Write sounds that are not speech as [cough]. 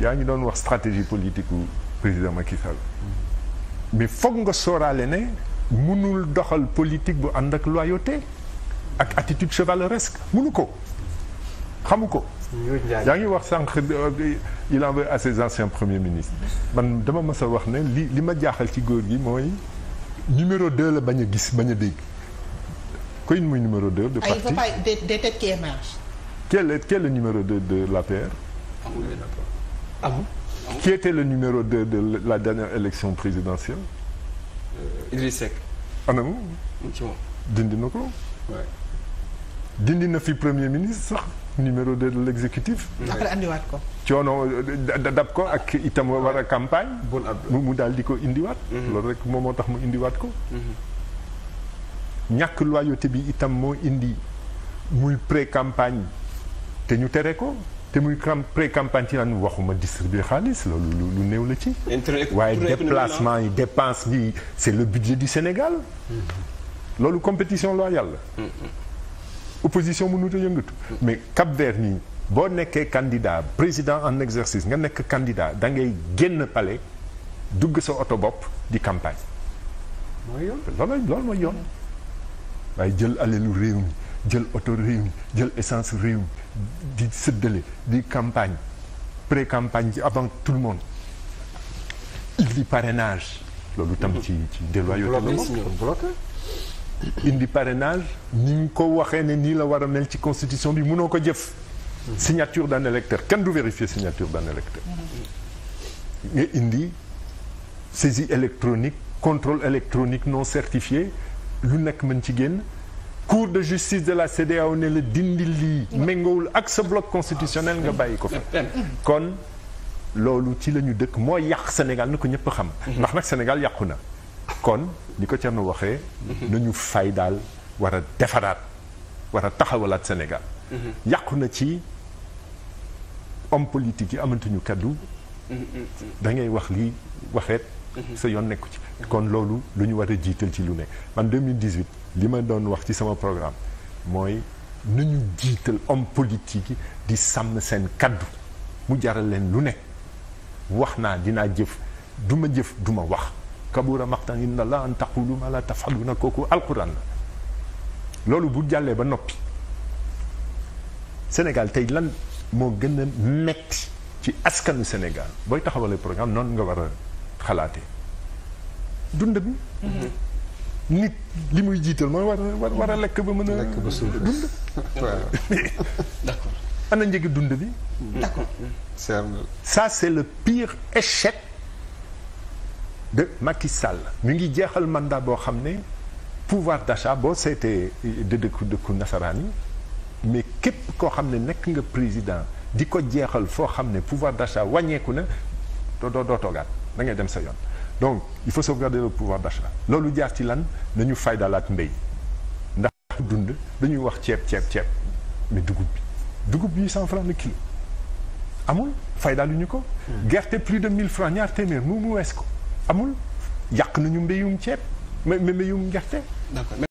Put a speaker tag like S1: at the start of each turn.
S1: yaa ngi doon wax stratégie politique u président Macky Sall mais foog nga sóoraale ne mënul doxal politique bu ànd ak loyauté ak attitude chevaleresque mënu ko xamu ko yaa ngi wax sànq euh, il en veut à ses anciens premiers ministres man dama mës a wax ne li li ma jaaxal ci góor gi mooy numéro 2 la bañ a gis bañ a dégg koy muy numéro 2 de ah, parti des têtes qui émergent quel est quel est le numéro 2 la l'APR Ah bon le numéro 2 de la dernière élection présidentielle euh, Idriss dindi na ko. dindi na fi premier ministre sax numéro 2 de l' exécutif. après ko. coono dab ak itam ah. war a campagne. mu daal di ko indiwaat. Mhm. loolu rek moom moo tax mu indiwaat ko. Mhm. ñàkk loyauté bi itam moo indi muy pré campagne te ñu tere ko. te muy pré-campagne ci naan waxuma distribuer xaalis loolu lu néew la ci. waaye déplacement yi dépense bi c'est le budget du Sénégal. Mm-hmm. loolu compétition loyale la. Mm-hmm. opposition mënut a yëngatu. Mm-hmm. mais Cap-Vert nii boo nekkee candidat président en exercice nga nekk candidat dangay ngay génn pale dugg sa oto bopp di campagne. mooy yoon loolu loolu mooy yoon. waaye jël alelu réew mi. jël oto réew jël essence réew di séddale di campagne pré campagne ci avant tout le monde indi parrainage loolu tam ci ci déloyauté indi parrainage ni ñu ko waxee ni nii la war a mel ci constitution bi mënoo ko jëf signature d'un électeur kenn du vérifier signature d'un électeur nga indi saisie électronique control électronique non certifié lu nekk mën ci génn cour de justice de la CEDEAO ne la dindi lii méngawul ak sa bloc constitutionnel nga bàyyi ko fa kon loolu ci la dëkk moo yàq senegal na ko ñëpp xam ndax nag senegal yàqu na kon ni ko Thierno waxee nañu fay daal war a defaraat war a taxawalaat senegal yàqu na ci homme politique yi amatuñu kaddu mm-hmm. dangay wax lii waxeet mm-hmm. sa yoon nekku ci kon loolu lu ñu war a jiital ci lu ne man 2018 li ma doon wax ci sama programme mooy nu ñu jiital homme politique yi di sàmm seen kaddu mu jaral leen lu ne wax naa dinaa jëf du jëf duma ma wax kabura maqtan inda allah an taqulu ma la tafaluna kooku alquran la loolu bu jàllee ba noppi Sénégal tey lan moo gën a metti ci askanu Sénégal booy taxawale programme noonu nga war a xalaatee dund bi. nit li muy jiital mooy war a war a lekk ba mën a. lekk ba suuf dund. waaw [laughs] d'accord. ana dund bi. Mm. d'accord. ça c'est le pire échec de Macky Sall. mi ngi jeexal mandat boo xam ne pouvoir d'achat boo seetee de dëkku nasaraan yi mais képp koo xam ne nekk nga président di ko jeexal foo xam ne pouvoir d'achat wàññeeku na doo doo toogaat da ngay dem sa yoon. donc il faut sauvegarder le pouvoir d'achat loolu jaar ci lan nañu ak mbéy ndax dund dañuy wax ceeb ceeb ceeb mais dugub bi dugub bi 800 francs na kilo amul faydaaluñu ko. Hmm. gerte plus de 1000 francs ñaar téeméer mu mu wees ko amul yàq nañu mbéyum ceeb mais mbéyum gerte.